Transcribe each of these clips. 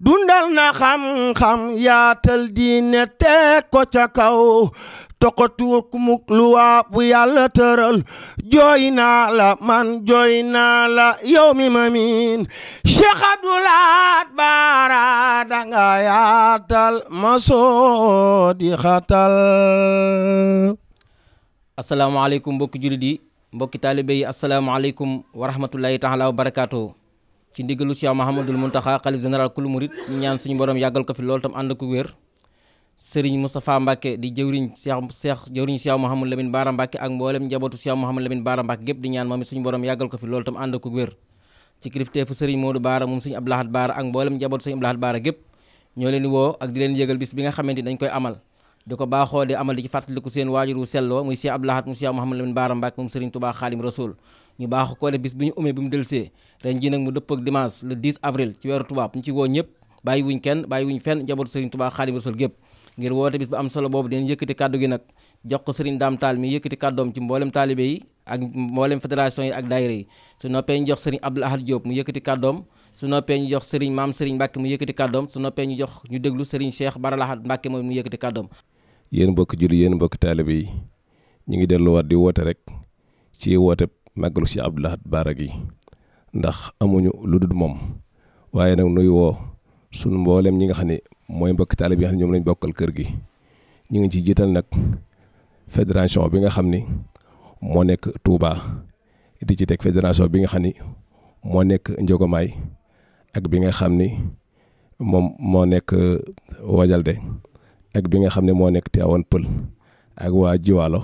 dundal na xam-xam yaatal diine teg ko ca kaw toqatuur ku muk luwaa bu yàlla tëral jooy la man jooy la yow mi ma miin Cheikh Abdoulaat Baara danga yaatal ma soo xatal asalaamaaleykum mbokki jullit yi mbokki taalibe yi asalaamaaleykum wa rahmatullahi wa barakaatu ci ndigalu Cheikh Mahamadul Muntaxa xalif général kulu murit ñaan suñu borom yàggal ko fi loolu tam ànd ak wér sëriñ Moustapha Mbacke di jëwriñ Cheikh Cheikh jëwriñ Cheikh Mouhamadou Lamine Bara Mbacke ak mboolem njabootu Cheikh Mouhamadou Lamine Bara gépp moom it suñu borom yàggal ko fi loolu tam ànd ak wér ci kilifteefu sëriñ Modou Bara ñoo leen woo ak di leen yëgal bis bi nga xamante dañ koy amal di ko baaxoo di amal di ci fàttaliku seen waajur wu selloo muy Cheikh Abdou Lahad mu Cheikh Mouhamadou Lamine Bara Mbacke moom sëriñ Touba Xaadim Rasul ñu baax ko ne bis bi ñu umee bi mu delsee ren ji nag mu dëpp ak dimanche le 10 avril ci weeru tubaab ñu ci woo ñëpp bàyyi wuñ kenn bàyyi wuñ fenn njabootu Serigne Touba Xaadimu Rasuul gépp ngir woote bis bu am solo boobu dinañ yëkkati kàddu gi nag jox ko Serigne Dame mu mi yëkkati kàddoom ci mboolem taalibe yi ak mboolem fédération yi ak daayira yi su noppee ñu jox Serigne Abdoul Ahad Diop mu yëkkati kàddoom su noppee ñu jox Serigne Maam Serigne Mbacke mu noppee ñu jox ñu déglu Serigne Cheikh Baralahad Mbacke moom mu yëkkati kàddoom yéen mbokki julli yéen mbokki taalibe yi ñu ngi delluwaat di woote rek ci woote màggalu si Abdou Lahad Baara gi ndax amuñu lu dul moom waaye nag nuy woo sunu mboolem ñi nga xam ne mooy mbokki taalibe bi nga xam ne bokkal kër gi ñu ngi ci jiital nag fédération bi nga xam ni moo nekk Touba di ci teg fédération bi nga xam ni moo nekk Njogomaay ak bi nga xam ni moom moo nekk euh, Wajalde ak bi nga xam ne moo nekk Tivaouane Peulh ak waa Jiwaalo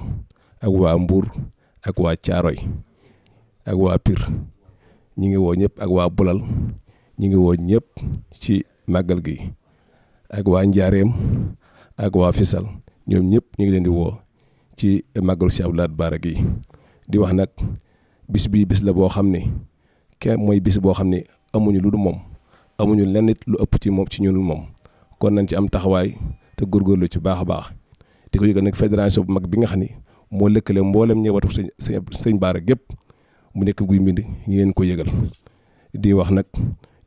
ak waa mbuur ak waa Caaroy ak waa piir ñu ngi woo ñëpp ak waa Bulal ñu ngi woo ñëpp ci màggal gi ak waa Njaareem ak waa Fisal ñoom ñëpp ñu ngi leen di woo ci màggalu Cheikh Abdou Lahad gi di wax nag bis bii bis la boo xam ne kenn mooy bis boo xam ne amuñu lu du moom amuñu lenn nit lu ëpp ci moom ci ñun moom kon nañ ci am taxawaay te góor góor lu ci baax a baax te ko yëgal nag fédération bu mag bi nga xam ni moo lëkkale mboolem ñëwatu sëñ sëñ Baara gépp mu nekk guy mbind ngeen ko yëgal di wax nag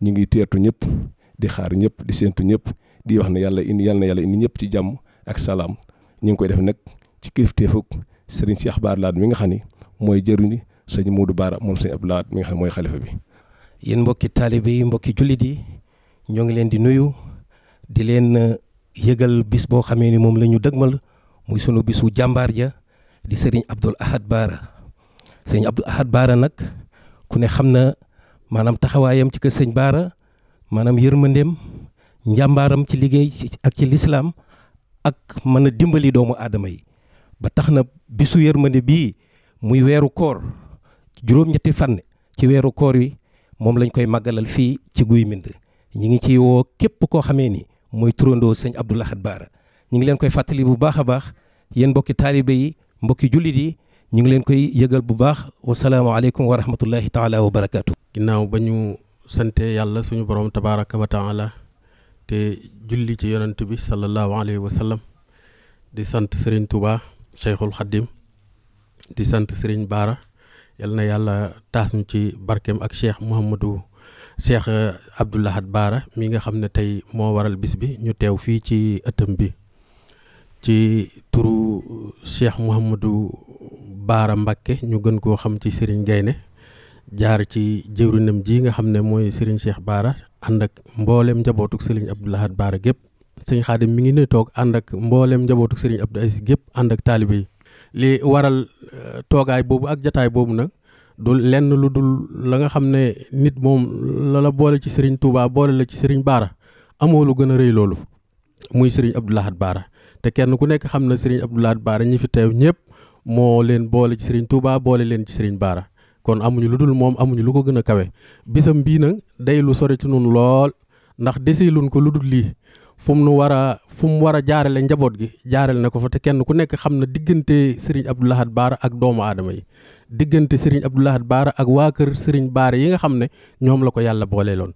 ñu ngi teertu ñëpp di xaar ñëpp di séentu ñëpp di wax ne yàlla indi yàlla na yàlla indi ñëpp ci jàmm ak salaam ñu ngi koy def nag ci kilifteefug sëriñ Cheikh Bara Lahad mi nga xam ni mooy jëriñu sëñ Modou baara moom sëñ Abdou Lahad mi nga xam ne mooy xalifa bi. yéen mbokki taalibe yi mbokki jullit yi ñoo ngi leen di nuyu di leen uh, yëgal bis boo xamee ni moom la ñu dëgmal muy sunu bisu jàmbaar ja di sëriñ Abdoul Ahad Bara. sëñ Abdou Ahad Baara nag ku ne xam na maanaam taxawaayam ci kër sëñ Baara maanaam yërmandeem njàmbaaram ci liggéey ak ci lislaam ak mën a dimbali doomu aadama yi ba tax na bisu yërmande bii muy weeru koor juróom-ñetti fan ci weeru koor yi moom lañ koy màggalal fii ci guy mbind ñi ngi ci woo képp koo xamee ni mooy turandoo sëñ Abdou Lahad Baara ñi ngi leen koy fàttali bu baax a baax yéen mbokki taalibe yi mbokki jullit yi ñu ngi leen koy yëgal bu baax wa wasalaamaaleykum wa rahmatullahi taala wa barakaatu. ginnaaw ba ñu sante yàlla suñu borom tabaaraka wa taala te julli ci yonent bi sallallahu alayhi wa sallam di sant Serigne Touba Cheikhul sant Serigne Baara yal na yàlla taas ci barkeem ak Cheikh Mouhamadou Cheikh Abdoul Ahad Baara mi nga xam ne tey moo waral bis bi ñu teew fii ci ëttam bi ci turu Cheikh Mouhamadou. Baara Mbacke ñu gën koo xam ci Serigne Gaynde jaar ci jëwrinam ji nga xam ne mooy Serigne Cheikh Baara ànd ak mbooleem njabootuk sëriñ Abdou Lahad Baara gépp sëñ Xaadim mi ngi ne toog ànd ak mbooleem njabootuk Serigne Abdou gépp ànd ak taalibe yi li waral euh, toogaay boobu ak jataay boobu nag du lenn lu dul la nga xam ne nit moom la boole ci Serigne Touba boole la ci Serigne Baara amoo lu gën a rëy loolu muy Serigne Abdou Lahad Baara te kenn ku nekk xam na Serigne Abdou Baara ñi fi teew ñëpp. moo leen boole ci Serigne Touba boole leen ci Serigne baara kon amuñu lu dul moom amuñu lu ko gën a kawe bisam bii nag day lu sore ci nun lool ndax deseeluñ ko lu dul lii fu mu nu war a fu mu war a jaarale njaboot gi jaarale na ko fa te kenn ku nekk xam na diggante Serigne Abdou Lahad Bara ak doomu aadama yi diggante Serigne Abdou Lahad Bara ak waa kër Serigne Bara yi nga xam ne ñoom la ko yàlla loon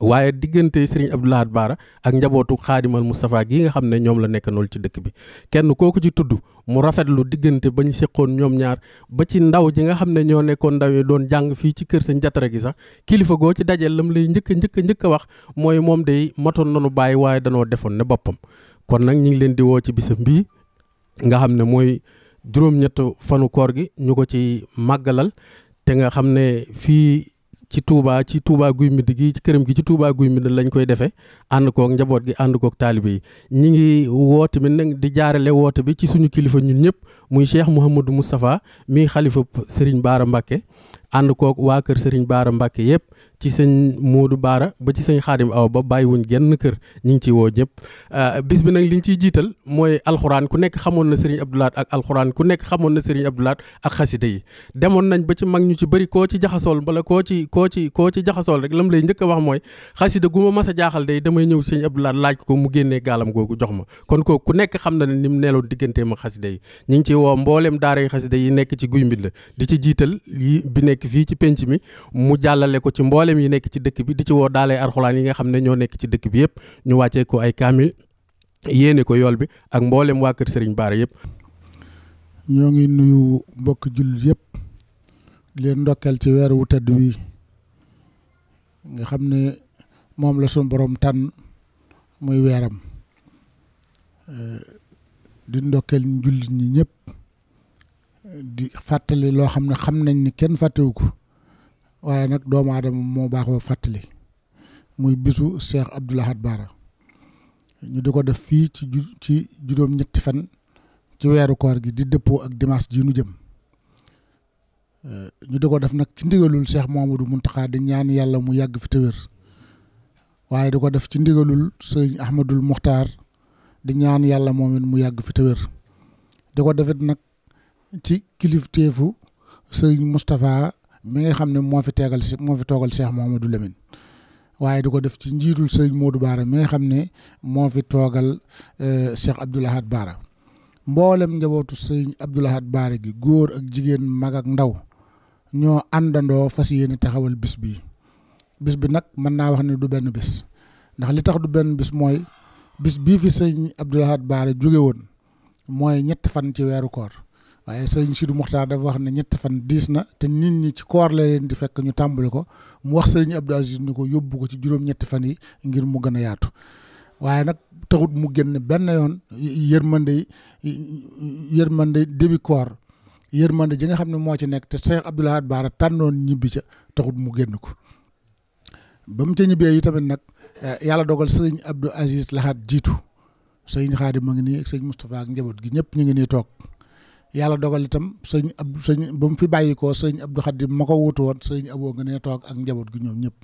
waaye diggante sëriñ Abdou Lahad Bara ak njabootu xaadimal Moustapha gii nga xam ne ñoom la nekk noonu ci dëkk bi kenn kooku ci tudd mu rafetlu diggante ba ñu seqoon ñoom ñaar ba ci ndaw ji nga xam ne ñoo nekkoon ndaw yi doon jàng fii ci kër sa njatara gi sax kilifa goo ci dajeel lam lay njëkk a njëkk njëkk a wax mooy moom day matoon nanu bàyyi waaye danoo defoon ne boppam kon nag ñu ngi leen di woo ci bisam bii nga xam ne mooy juróom-ñett fanu koor gi ñu ko ci màggalal ci tuubaa ci Touba guy mbind gi ci këram gi ci Touba guy mbind lañ koy defee ànd kook njaboot gi ànd kook taalibe yi ñu ngi woote mi nag di jaarale woote bi ci suñu kilifa ñun ñëpp muy Cheikh Mouhamadou Moustapha mi xalifa Serigne Bara Mbacké ànd kook waa kër Serigne Bara Mbacké yëpp ci sëñ Modou Baara ba ci sëñ Xaadim Awa ba bàyyiwuñ genn kër ñu ngi ciy woo ñëpp euh, bis bi nag li ñu ciy jiital mooy alxuraan ku nekk xamoon na Serigne Abdou Lahad ak alxuraan ku nekk xamoon na Serigne Abdou Lahad ak xasida yi demoon nañ ba ci mag ñu ci bëri koo ci jaxasool wala koo ci koo ci koo ci jaxasool rek lam lay njëkk wax mooy xasida gu ma mas a jaaxal day damay ñëw Serigne Abdou Lahad laaj ko mu génnee gaalam googu jox ma kon ko ku nekk xam na ne ni mu neeloon digganteem ak xasida yi ñu ngi ciy woo mbooleem daara yi xasida yi nekk ci guy la di ci jiital yi bi nekk fii ci penc mi mu jàllale ko ci mbooleem mboolem yi nekk ci dëkk bi di ci woo daalee arxulaan yi nga xam ne nekk ci dëkk bi yëpp ñu wàccee ko ay kaamil yéene ko yool bi ak mboolem waa kër Serigne Bara ñoo ngi nuyu mbokk jullit yëpp leen ndokkeel ci weer wu tedd nga xam ne moom la suñu boroom tànn muy weeram eh, di ndokkeel jullit ñi ñëpp di fàttali loo xam ne xam nañ ni kenn fàttewu ko. waaye nag doomu aadama moo baaxoo fàttali muy bisu Cheikh Abdoul Ahad ñu di ko def fii ci ju ci juróom-ñetti fan ci weeru koor gi di dëppoo ak dimanche ji nu jëm eh, ñu di ko def nag ci ndigalul Cheikh Mouhamadou Mountakha di ñaan yàlla mu yàgg fi te di ko def ci ndigalul sëñ Ahmadul Mokhtar yàlla moom it mu yàgg fi te wér di ko defit nag ci kilifteefu sëñ Moustapha mi nga xam ne moo fi teegal si moo fi toogal ma du Lamine waaye di ko def ci njiitul sëriñ Modou Baara mi nga xam ne moo fi toogal euh, Cheikh Abdoul Ahad Baara mboolem njabootu sëriñ Abdoul Ahad Baara gi góor ak jigéen mag ak ndaw ñoo àndandoo fas yéene taxawal bis bi bis bi nag mën naa wax ne du benn bis ndax li tax du benn bis mooy bis bii fi sëriñ Abdoul Ahad Baara jóge woon mooy ñett fan ci weeru koor waaye sëñ Sidou Mokhtar dafa wax na ñetti fan diis na te nit ñi ci koor la leen di fekk ñu tàmbali ko mu wax sëñ Abdou Aziz ni ko yóbbu ko ci juróom fan yi ngir mu gën a yaatu waaye nag taxut mu génn benn yoon yërmande yërmande débi koor yërmande ji nga xam ne moo ci nekk te Cheikh Abdoul Ahad Bara tànnoon ñibbi ca taxut mu génn ko ba mu tamit nag eh, yàlla dogal sëñ Abdou Aziz Lahat jiitu sëñ Xaadim ma ngi nii ak sëñ Moustapha njaboot gi ñëpp ñu ngi nii toog. yàlla dogal itam sëñ ab sëñ ba mu fi bàyyikoo sëñ Abdou Khadim ma ko wutu woon sëñ Aboo nga ne toog ak njaboot gi ñoom ñëpp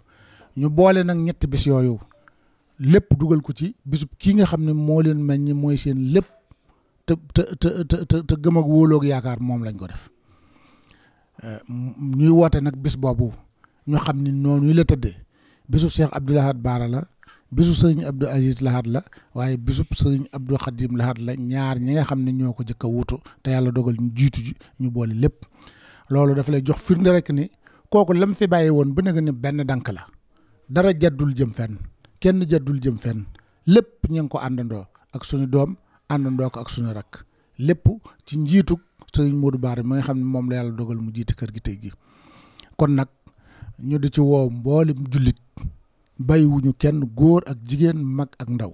ñu boole nag ñetti bis yooyu lépp dugal ko ci bisu kii nga xam ne moo leen meññ mooy seen lépp te te te te te gëm ak wóoloog yaakaar moom lañ ko def eh, ñuy woote nag bis boobu ñu xam ni noonu la tëddee bisu Cheikh Abdoul Ahad Baara la bisu sëriñ Abdou Aziz Lahat la waaye bisu sëriñ Abdou Khadim Lahat la ñaar ñi nga xam ne ñoo ko jëkk a wuutu te yàlla dogal ñu jiitu ji ñu boole lépp loolu dafa lay jox firnde rekk ni kooku lam fi bàyyi woon bu nga ni benn dank la dara jaddul jëm fenn kenn jaddul jëm fenn lépp ñu ngi ko àndandoo ak suñu doom àndandoo ko ak suñu rakk lépp ci njiitu sëriñ Modou Bara mi nga xam ne moom la yàlla dogal mu jiite kër gi tey gi kon nag ñu di ci woo mboolem jullit. bàyyiwuñu kenn góor ak jigéen mag ak ndaw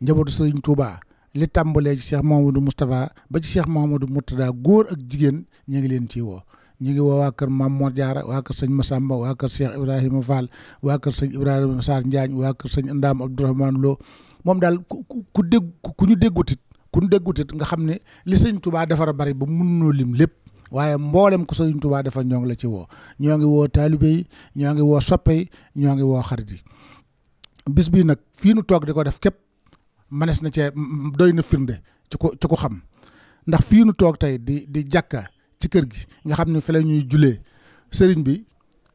njabootu sëriñ Touba li tàmbalee ci Cheikh Mouhamadou Moustapha ba ci Cheikh Mouhamadou Mourtada góor ak jigéen ñu ngi leen ci woo ñu ngi woo waa kër Mame Mor Diarra waa kër sëñ Massamba waa kër Cheikh Ibrahima Fall waa kër sëñ Ibrahima Sarr Njaañ waa kër sëñ Ndaam Abdourahmane Lo moom daal ku dégg ku ñu déggutit ku ñu nga xam ne li sëñ Touba defar a bari ba mun noo lim lépp waaye mboolem ku Sëriñ Tuubaa dafa ñoo la ci woo ñoo ngi woo taalibe yi ñoo ngi woo soppe yi ñoo ngi woo xarit yi bis bii nag fii nu toog di ko def képp manes na cee doy na firnde ci ko ci ko xam ndax fii nu toog tey di di jàkka ci kër gi nga xam ne fi la ñuy julee sëriñ bi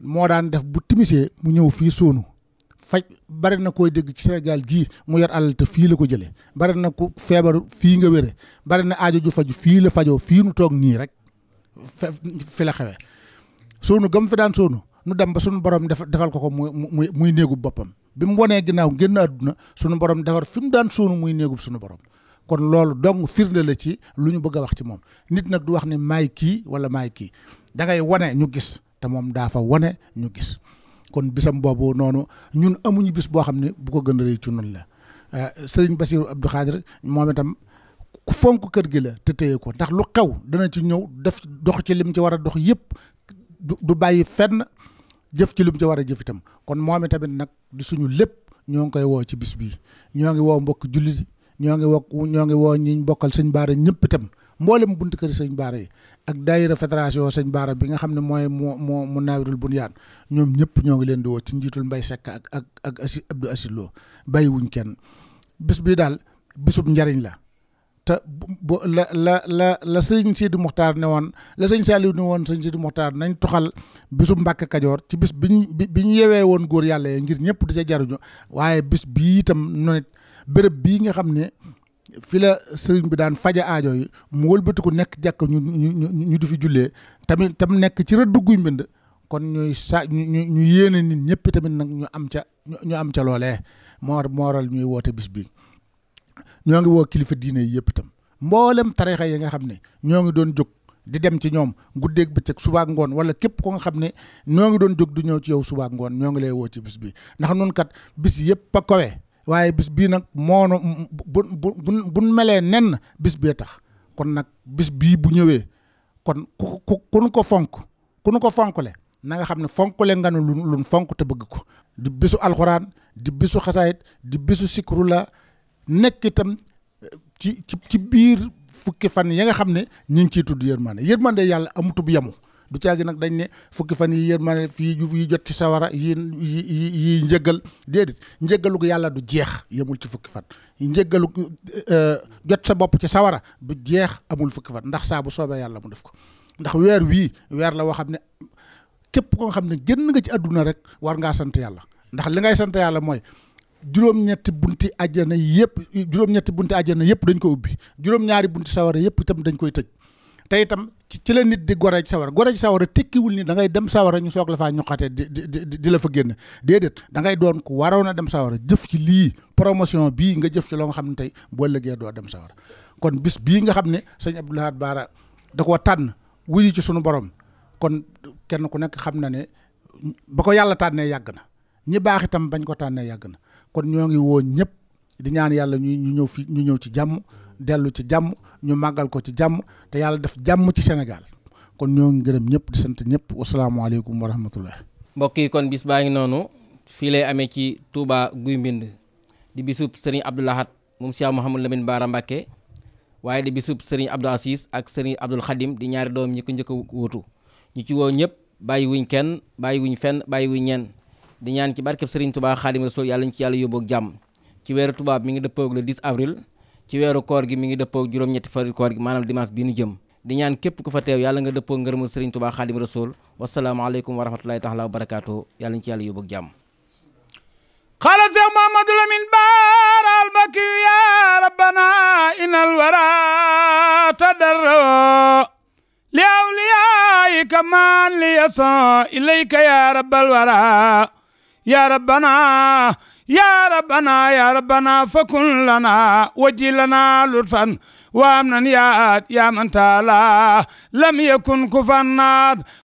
moo daan def bu timisee mu ñëw fii suunu faj bari na koy dégg ci senegal gii mu yor alal te fii la ko jëlee bari na ku feebaru fii nga wére bari na aajo ju faju fii la fajoo fii nu toog nii rek fi la xewee soonu gëm fi daan soonu nu dem ba suñu borom def defal ko ko muy muy muy néegub boppam bi mu wonee ginnaaw génn àdduna suñu borom defar fi mu daan soonu muy néegub suñu borom kon loolu dong firnde la ci lu ñu bëgg a wax ci moom nit nag du wax ni may kii wala maay kii da ngay wane ñu gis te moom daa fa wane ñu gis kon bisam boobu noonu ñun amuñu bis boo xam ne bu ko gën a rëy ci nun la euh, sëriñ Basiru Abdou Xaadir moom itam ku fonk kër gi la te téye ko ndax lu xew dana ci ñëw def dox ci lim ci war a dox yëpp du bàyyi fenn jëf ci lim ci war a jëf itam kon moom tamit nag di suñu lépp ñoo ngi koy woo ci bis bii ñoo ngi woo mbokk jullit ñoo ngi woo ñoo ngi woo ñiñ bokkal sëñ Baara ñëpp itam mboolem bunt kër sëñ Baara yi ak daayira fédération sëñ Baara bi nga xam ne mooy moo moo mu naawirul bunyaan ñoom ñëpp ñoo ngi leen di woo ci njiitul Mbay sekk ak ak ak asi Abdou Asiloo bàyyiwuñ kenn bis bii daal bisub njariñ la te la la la la sëñ Sidi Muxtaar ne woon la sëñ Saliou ne woon sëñ Sidi Muxtaar nañ toxal bisu mbàkk Kajoor ci bis bi ñu bi bi ñu yewee woon góor yàlla yi ngir ñëpp di ca jaruñu waaye bis bii itam noonu bërëb bii nga xam ne fi la sëriñ bi daan faja aajo yi mu wëlbatiku nekk jàkk ñu ñu ñu di fi jullee tamit tam nekk ci rëdd guy mbind kon ñuy sa ñu ñu yéene nit ñëpp tamit nag ñu am ca ñu am ca loolee moo moo waral ñuy woote bis bi ñoo ngi woo kilifa diine yi yëpp itam mboolem tarixa yi nga xam ne ñoo ngi doon jóg di dem ci ñoom guddeeg bëccëg subaak ngoon wala képp ko nga xam ne ñoo ngi doon jóg du ñëw ci yow subaak ngoon ñoo ngi lay woo ci bis bi ndax kat bis yëpp a kowe waaye bis bii nag moonu bu bu bu melee nen bis bee tax kon nag bis bii bu ñëwee kon ku ko fonk ku ko fonkle na nga xam ne fonkle nga nu lu lun fonk te bëgg ko di bisu alxuraan di bisu xasaayit di bisu sikru la nekk itam ci ci biir fukki fan ya nga xam ne ñu ngi ciy tudd yërmande yërmande yàlla amutub yamu du caagi nag dañ ne fukki fan yi yërmande fii yi jot ci sawara yi yi yi njëggal déedéet yàlla du jeex yemul ci fukki fan njëggalug euh, jot sa bopp ci sawara du jeex amul fukki fan ndax saa bu soobee yàlla mu def ko ndax weer wii weer la woo xam ne képp koo xam ne génn nga ci àdduna rek war ngaa sant yàlla ndax li ngay sant yàlla mooy juróom-ñetti bunti àjjana yëpp juróom-ñetti bunti àjjana yëpp dañ ko ubbi juróom-ñaari bunti sawara yëpp itam dañ koy tëj te itam ci la nit di gore ci sawara gore ci sawara tekkiwul ni da ngay dem sawara ñu soog la faa ñuqatee di di di la fa génn déedéet dangay doon ku waroon a dem sawara jëf ci lii promotion bii nga jëf ci loo nga xam ne tey boo lëggee doo dem sawara kon bis bii nga xam ne sañ Abdou Lahad Bara da koo tànn wuyu ci sunu borom kon kenn ku nekk xam na ne ba ko yàlla tànnee yàgg na ñi baax itam bañ ko tànnee yàgg na. kon ñoo ngi woo ñëpp di ñaan yàlla ñu ñëw fi ñu ñëw ci jàmm dellu ci jàmm ñu màggal ko ci jàmm te yàlla def jàmm ci senegal kon ñoo ngi gërëm ñëpp di sant ñëpp wasalaamaaleykum wa rahmatullah mbokk yi kon bis baa ngi noonu fii lay amee ci Touba Guy Mbind di bisub sëriñ Abdou Lahad moom Cheikh Mouhamadou Lamine Bara Mbacké waaye di bisub sëriñ Abdou Aziz ak sëriñ Abdoul Khadim di ñaari doom ñi ko njëkk a wutu ñu ci woo ñëpp bàyyi wuñ kenn bàyyi wuñ fenn bàyyi wuñ ñenn di ñaan ci barkeb Serigne Touba Xaadim Rasul yàlla ñu ci yàlla yóbboog jàmm ci weeru tubaab mi ngi dëppoog le 10 ci weeru koor gi mi ngi dëppoog juróom-ñetti fari koor gi maanaam dimanche bii nu jëm di ñaan képp ku fa teew yàlla nga dëppoo ngërëmul Serigne Touba Xaadim Rasul wasalaamaaleykum wa rahmatulahi taala wa barakaatu yàlla ñu ci yàlla yóbboog jàmm xaala Seex Muhammadu Lamin Baara al-Makki yaa rabbana innal waraa tadarro li awliyaa'ika man li yasa يا ربنا يا ربنا يا ربنا فكن لنا وجي لنا لطفا وامنا يا يا من تالا لم يكن كفناد